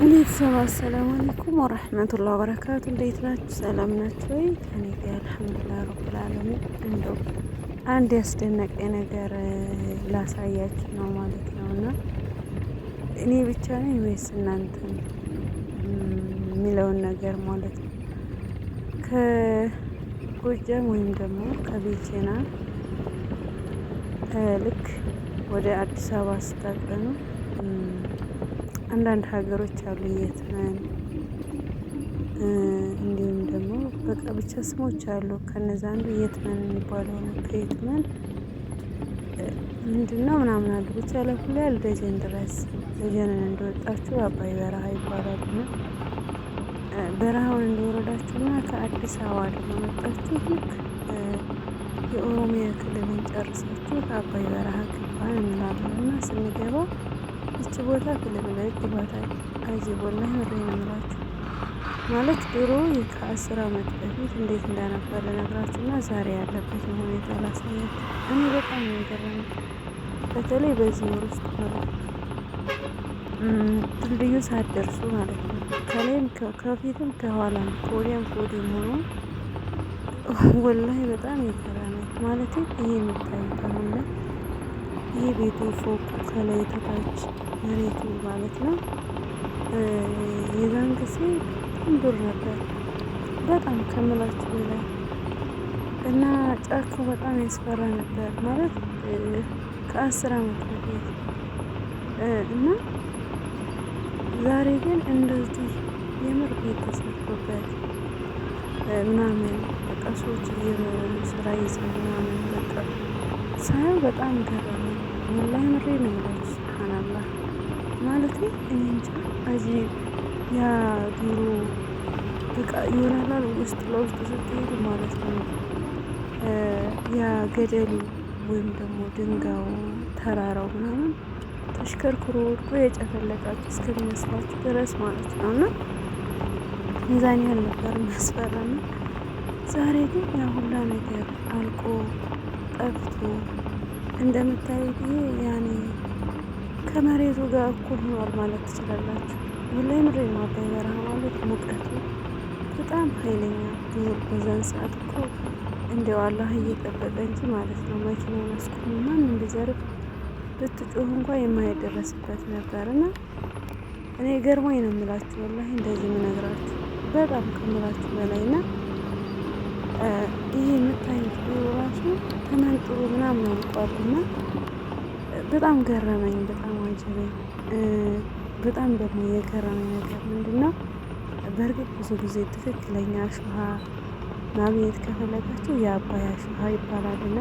ቤተሰብ አሰላሙ አለይኩም ወረህመቱላህ ወበረካቱ። እንዴት ናችሁ? ሰላም ናችሁ ወይ? ከኔ ጋር አልሐምዱሊላህ ረብል ዓለሚን። እንደው አንድ ያስደነቀ ነገር ላሳያችሁ ነው ማለት ነው። እና እኔ ብቻ ነኝ ወይስ እናንተ የሚለውን ነገር ማለት ነው። ከጎጃም ወይም ደግሞ ከቤቼና ልክ ወደ አዲስ አበባ ስታቀኑ አንዳንድ ሀገሮች አሉ የትመን እንዲሁም ደግሞ በቃ ብቻ ስሞች አሉ። ከነዛ አንዱ የትመን የሚባለው ነው። ከየትመን ምንድነው ምናምን አሉ ብቻ ለሁላል ደጀን ድረስ ደጀንን እንደወጣችሁ አባይ በረሃ ይባላል ና በረሃውን ና ከአዲስ አበባ ደግሞ መጣችሁ ልክ የኦሮሚያ ክልልን ጨርሳችሁ አባይ በረሃ ገባን እንላለን ና ስንገባ ይቺ ቦታ ትልቅ ፍለግላይ ይባታል። አዚህ ቦላ ወደ ነምራችሁ ማለት ድሮ ከአስር አመት በፊት እንዴት እንደነበረ ነግራችሁና ዛሬ ያለበት ሁኔታ ላሳያችሁ። እኔ በጣም የሚገርም በተለይ በዚህ ወር ውስጥ ማለት ድልድዩ ሳትደርሱ ማለት ነው። ከላይም ከፊትም ከኋላም ከወዲያም ከወዲህም ሆኖ ወላሂ በጣም ይገርማል። ማለት ይሄ የሚታይ አሁን ላይ ይህ ቤቱ ፎቅ ከላይ ተታች መሬቱ ማለት ነው። የዛን ጊዜ በጣም ዱር ነበር፣ በጣም ከምላችሁ በላይ እና ጫካው በጣም ያስፈራ ነበር ማለት ከአስር አመት በፊት እና ዛሬ ግን እንደዚህ የምር ቤት ተሰርቶበት ምናምን በቃ ሰዎች እየኖሩ ስራ ይዘው ምናምን በቃ ሳየው በጣም ገር ወላሂ ምሬ ነው የምላችሁ ሱብሃነላህ ማለት ነው። እኔ እንጃ እዚህ ያ ዱሮ በቃ ይሆናላል ውስጥ ለውስጥ ስትሄዱ ማለት ነው ያ ገደሉ ወይም ደግሞ ድንጋዩ ተራራው ምናምን ተሽከርክሮ ወድቆ የጨፈለቃችሁ እስከሚመስላችሁ ድረስ ማለት ነው እና ሚዛን ያህል ነበር የሚያስፈራ። ዛሬ ግን ያ ሁላ ነገር አልቆ ጠፍቶ እንደምታዩት ይሄ ያኔ ከመሬቱ ጋር እኩል ሆኗል ማለት ትችላላችሁ። ወላሂ ምድር የማባይ በረሃ ማለት ሙቀቱ በጣም ኃይለኛ በዛን ሰዓት እኮ እንዲያው አላህ እየጠበቀ እንጂ ማለት ነው መኪና አስቆሙ ማንም ቢዘርፍ ብትጮህ እንኳ የማይደረስበት ነበር እና እኔ ገርሞኝ ነው የምላችሁ ወላሂ እንደዚህ ምነግራችሁ በጣም ከምላችሁ በላይ እና ይህ የምታዩት ዶሮ ራሱ ተመንጥሮ ምናምን እና በጣም ገረመኝ፣ በጣም አጀበኝ። በጣም ደግሞ የገረመኝ ነገር ምንድን ነው? በእርግጥ ብዙ ጊዜ ትክክለኛ አሸዋ ማግኘት ከፈለጋችሁ የአባይ አሸዋ እና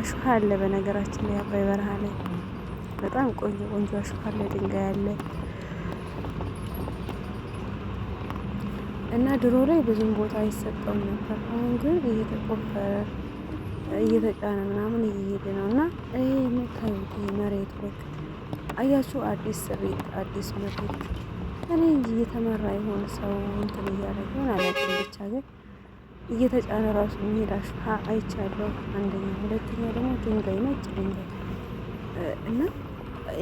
አሸዋ አለ። በነገራችን ላይ አባይ በረሃ ላይ በጣም ቆንጆ ቆንጆ አሸዋ አለ፣ ድንጋይ አለ። እና ድሮ ላይ ብዙም ቦታ አይሰጠውም ነበር። አሁን ግን እየተቆፈረ እየተጫነ ምናምን እየሄደ ነው እና ይህ የምታዩት መሬት ወቅ አያችሁ፣ አዲስ ስሪት አዲስ መሬት እኔ እንጂ እየተመራ የሆነ ሰው እንትን እያደረገ ሆን አላውቅም። ብቻ ግን እየተጫነ ራሱ መሄድ አይቻለሁ። አንደኛ፣ ሁለተኛ ደግሞ ድንጋይ ነጭ ድንጋይ እና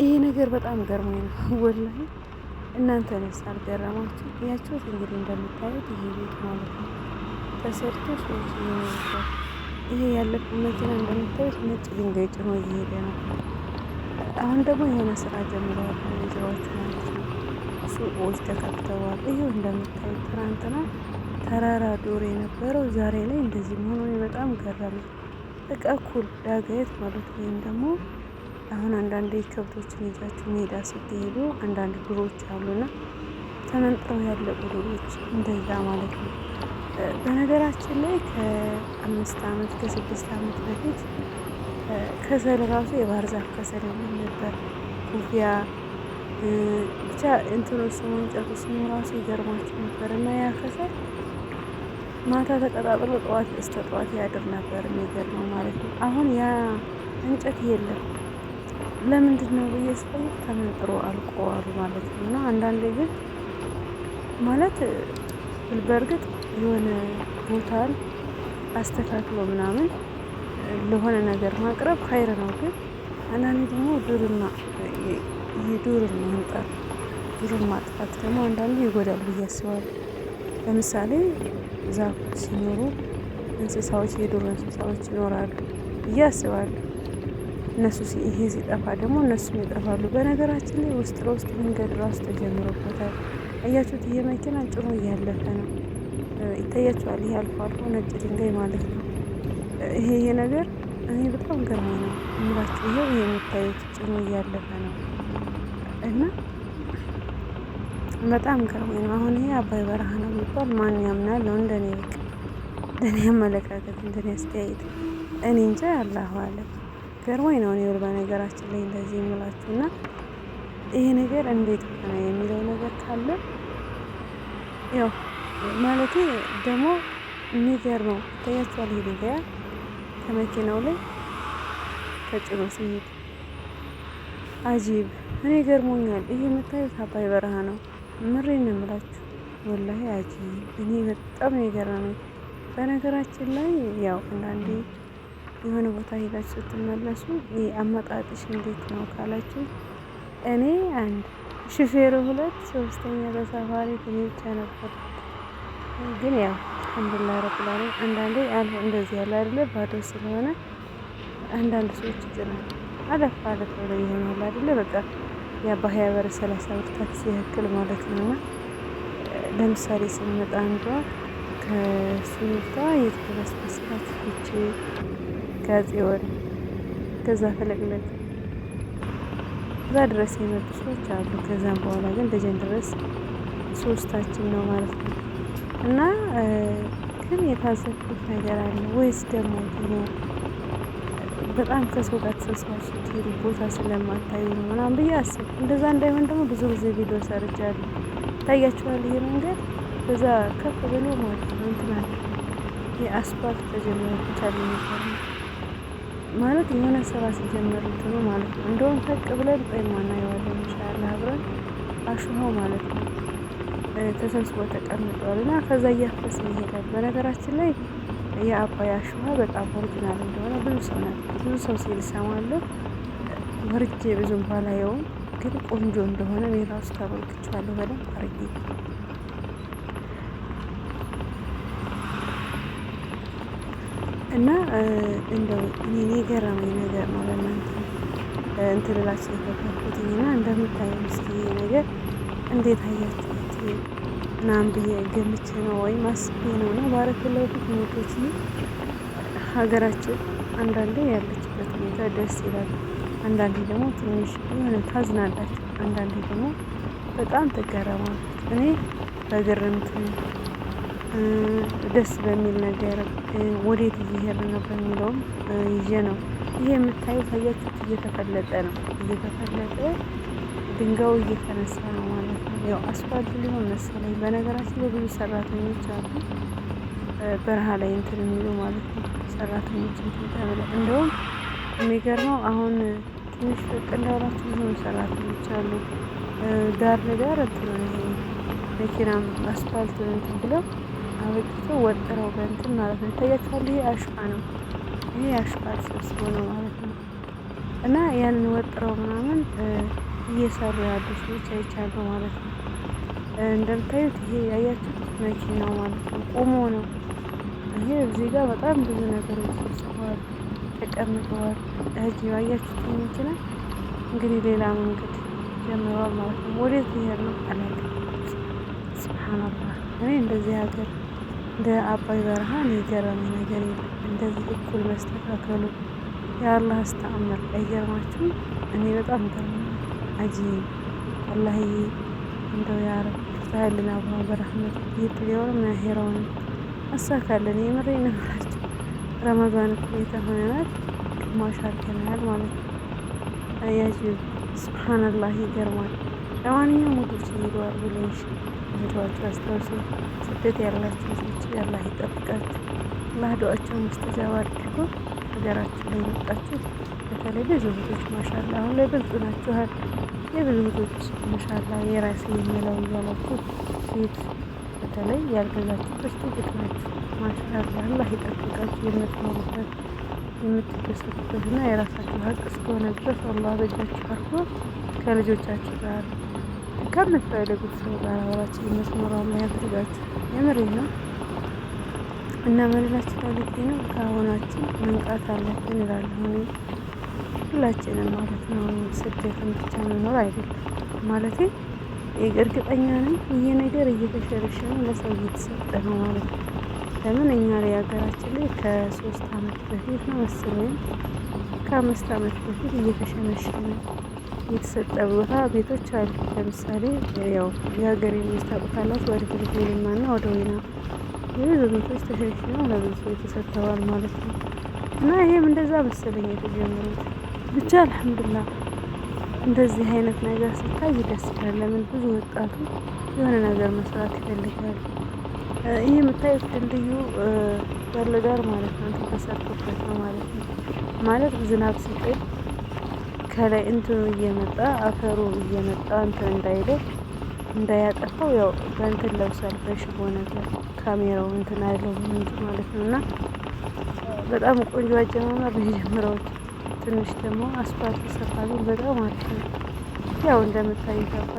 ይሄ ነገር በጣም ገርሞኝ ነው ወላሂ እናንተንስ አልገረማችሁ? እያችሁት እንግዲህ እንደምታዩት ይሄ ቤት ማለት ነው ተሰርቶ ሰዎች እየኖሩበት ይሄ ያለፈው መኪና እንደምታዩት ነጭ ድንጋይ ጭኖ እየሄደ ነው። አሁን ደግሞ የሆነ ስራ ጀምረዋል ሚዜዎች ማለት ነው። ሱቆች ተከፍተዋል። ይሄው እንደምታዩት ትናንትና ተራራ ዱር የነበረው ዛሬ ላይ እንደዚህ መሆኑ በጣም ገረመኝ። በቃ እኩል ዳገት ማለት ወይም ደግሞ አሁን አንዳንድ ከብቶችን ይዛችሁ ሜዳ ስትሄዱ አንዳንድ ዶሮዎች አሉና ተመንጥረው ያለቁ ዶሮዎች እንደዛ ማለት ነው። በነገራችን ላይ ከአምስት ዓመት ከስድስት ዓመት በፊት ከሰል ራሱ የባህር ዛፍ ከሰል የለም ነበር። ኩፊያ ብቻ እንትኖ ስሙ እንጨቱ ስሙ ራሱ ይገርማችሁ ነበር እና ያ ከሰል ማታ ተቀጣጥሎ ጠዋት እስከ ጠዋት ያድር ነበር የሚገርመው ማለት ነው። አሁን ያ እንጨት የለም። ለምንድን ነው ብዬ ስጠይቅ ተመንጥሮ አልቆዋሉ ማለት ነው። እና አንዳንዴ ግን ማለት በእርግጥ የሆነ ቦታን አስተካክሎ ምናምን ለሆነ ነገር ማቅረብ ኸይር ነው። ግን አንዳንዴ ደግሞ ዱርና የዱርን ማንጠር ዱርን ማጥፋት ደግሞ አንዳንዴ ይጎዳል ብዬ አስባለሁ። ለምሳሌ ዛፎች ሲኖሩ እንስሳዎች፣ የዱር እንስሳዎች ይኖራሉ ብዬ አስባለሁ። እነሱ ይሄ ሲጠፋ ደግሞ እነሱም ይጠፋሉ። በነገራችን ላይ ውስጥ ለውስጥ መንገድ ራሱ ተጀምሮበታል። አያችሁት? ይሄ መኪና ጭኖ እያለፈ ነው፣ ይታያችኋል። ይሄ አልፎ አልፎ ነጭ ድንጋይ ማለት ነው። ይሄ ይሄ ነገር እኔ በጣም ገርማ ነው እምላችሁ። ይሄው ይሄ የምታዩት ጭኖ እያለፈ ነው እና በጣም ገርማ ነው። አሁን ይሄ አባይ በረሃ ነው የሚባል ማን ያምናል ነው እንደኔ በቃ እንደኔ አመለካከት እንደኔ አስተያየት እኔ እንጃ አላሁ አለም። ገርሞኝ ነው እኔ በነገራችን ላይ እንደዚህ የምላችሁ እና ይሄ ነገር እንዴት ሆነ የሚለው ነገር ካለ ያው ማለቴ ደግሞ ነው ይታያችኋል። ይሄ ድንጋይ ከመኪናው ላይ ተጭኖ ሲሄድ አጂብ፣ እኔ ገርሞኛል። ይህ የምታዩት አባይ በረሃ ነው። ምሬን ነው የምላችሁ ወላሂ አጂብ። እኔ በጣም ነው የገረመኝ በነገራችን ላይ ያው አንዳንዴ የሆነ ቦታ ሄዳችሁ ስትመለሱ አመጣጥሽ እንዴት ነው ካላችሁ እኔ አንድ ሹፌሩ ሁለት ሶስተኛ ተሳፋሪ እኔ ነበር። ግን ያው አልሐምዱሊላህ ረብል አንዳንዴ ያል እንደዚህ ያለ አይደለ ባዶ ስለሆነ አንዳንድ ሰዎች ይጥላል። አለፍ አለፍ ብሎ ይሆናል አይደለ በቃ የአባ ሀያ ሰላሳ ብር ታክሲ ያክል ማለት ነው። ለምሳሌ ስንመጣ አንዷ ከስሚታ የት ድረስ መስራት ጽዮን ከዛ ፈለቅለት እዛ ድረስ የመጡ ሰዎች አሉ። ከዛም በኋላ ግን ደጀን ድረስ ሶስታችን ነው ማለት ነው። እና ግን የታዘብኩት ነገር አለ ወይስ ደግሞ በጣም ከሰው ጋር ተሰብስባችሁ ስትሄዱ ቦታ ስለማታዩ ነው ምናምን ብዬ አስብ። እንደዛ እንዳይሆን ደግሞ ብዙ ጊዜ ቪዲዮ ሰርጃለሁ። ይታያችኋል። ይሄ መንገድ በዛ ከፍ ብሎ ማለት ነው እንትን አለ የአስፋልት ተጀምሮ ነው ማለት የሆነ ስራ ሲጀመሩት ነው ማለት ነው። እንደውም ፈቅ ብለን ጸይማና የዋለን ይችላል አብረን አሹኸው ማለት ነው ተሰብስቦ ተቀምጠዋል እና ከዛ እያፈስ ይሄዳል። በነገራችን ላይ የአባይ አሸዋ በጣም ኦሪጂናል እንደሆነ ብዙ ሰው ብዙ ሰው ሲል እሰማለሁ። ወርጄ ብዙም ባላየውም ግን ቆንጆ እንደሆነ ሌላ ውስጥ ተመልክቻለሁ በደንብ አድርጌ እና እንደው እኔ የገረመኝ ነገር ነው ለእናንተ እንትን ልላችሁ የፈለኩትኝ እና እንደምታየው እስኪ ነገር እንዴት አያችሁት ምናምን ብዬ ገምቼ ነው ወይም አስቤ ነው እና ባረክላው ፊት ሞቶች ሀገራችን አንዳንዴ ያለችበት ሁኔታ ደስ ይላል። አንዳንዴ ደግሞ ትንሽ የሆነ ታዝናላችሁ፣ አንዳንዴ ደግሞ በጣም ትገረማል። እኔ በግርምት ነው ደስ በሚል ነገር ወዴት እየሄድን ነው በሚለውም ይዤ ነው። ይሄ የምታዩ አያችሁት፣ እየተፈለጠ ነው እየተፈለጠ ድንጋዩ እየተነሳ ነው ማለት ነው። ያው አስፋልት ሊሆን መሰለኝ። በነገራችን ላይ ብዙ ሰራተኞች አሉ በረሃ ላይ እንትን የሚሉ ማለት ነው። ሰራተኞች እንትን ተብለ እንደውም የሚገርመው አሁን ትንሽ ፈቅ እንዳላችሁ ብዙ ሰራተኞች አሉ ዳር ለዳር እንትን መኪናም አስፋልት እንትን ብለው በጊዜው ወጥረው በእንትን ማለት ነው። ይታያችኋል። ይሄ አሽቃ ነው። ይሄ አሽቃ ተሰብስቦ ነው ማለት ነው። እና ያንን ወጥረው ምናምን እየሰሩ ያሉ ሰዎች አይቻለሁ ማለት ነው። እንደምታዩት ይሄ ያያችሁት መኪናው ማለት ነው ቆሞ ነው። ይሄ እዚህ ጋር በጣም ብዙ ነገሮች ተጽፈዋል፣ ተቀምጠዋል። እጅ ያያችሁት መኪና እንግዲህ ሌላ መንገድ ጀምረዋል ማለት ነው። ወዴት ይሄድ ነው አላውቅም። ስብሓንላህ እኔ እንደዚህ ሀገር በአባይ በረሃ የገረመኝ ነገር የለም። እንደዚህ እኩል መስተካከሉ የአላህ አስተአምር አይገርማችሁ? እኔ በጣም ገርማ አጂብ አላህዬ፣ እንደው በረህመት አሳካለን። የምሬ ግማሽ ማለት ነው። አያጅብ ስብሓንላህ ይገርማል። ለማንኛውም ወዶች ይሄደዋል ብለሽ ሄደዋችሁ አስታውሱ። ስደት ያላቸው ልጆች አላህ ይጠብቃችሁ። አላህ ዱዓችሁን ሙስተጃብ አድርጎ ሀገራችሁ ላይ መጣችሁ። በተለይ ብዙ እህቶች ማሻላ አሁን ላይ ብዙ ናችኋል። የብዙ እህቶች ማሻላ የራሴ የሚለው እያላችሁ ቤት በተለይ ያልገዛችሁ ጥቂት ናችሁ። ማሻላ አላህ ይጠብቃችሁ የምትኖሩበት የምትደሰቱበት የምትደሰቱበትና የራሳችሁ ሀቅ እስከሆነ ድረስ አላህ በእጃችሁ አርፎ ከልጆቻችሁ ጋር ከምትፈልጉት ሰው ጋር አብራችሁ የምትኖሩ አላህ ያድርጋችሁ። የምሬ ነው እና መልላችሁ ታልኩ ነው ከአሁናችን መንቃት አለብን እላለሁ እኔ ሁላችንም ማለት ነው። ስደትን ብቻ መኖር አይደለም ማለት እርግጠኛ ነኝ ይሄ ነገር እየተሸረሸረ ለሰው እየተሰጠ ነው ማለት ነው። ለምን እኛ ላይ ሀገራችን ላይ ከሶስት አመት በፊት ነው መሰለኝ ከአምስት አመት በፊት እየተሸመሸመ የተሰጠ ቦታ ቤቶች አሉ። ለምሳሌ ያው የሀገሬ መንግስት አቁታላት ወደ ፊልፊልማና ወደ ወይና ብዙ ቤቶች ተሸሽነው ለብዙ የተሰጥተዋል ማለት ነው። እና ይሄም እንደዛ መሰለኝ የተጀመሩት ብቻ አልሐምዱላ እንደዚህ አይነት ነገር ሲታይ ደስ ይላል። ለምን ብዙ ወጣቱ የሆነ ነገር መስራት ይፈልጋል። ይህ የምታዩት ድልድዩ ያለው ዳር ማለት ነው ተሰርቶበት ነው ማለት ነው። ማለት ዝናብ ሲጥል ከላይ እንትኑ እየመጣ አፈሩ እየመጣ እንትን እንዳይለ እንዳያጠፋው ያው በእንትን ለብሷል በሽቦ ነገር ካሜራው እንትን አለው ምንጭ ማለት ነው። እና በጣም ቆንጆ አጀማመር ነው የጀምረውት። ትንሽ ደግሞ አስፋልት ሰፋ ቢል በጣም አሪፍ ነው። ያው እንደምታዩት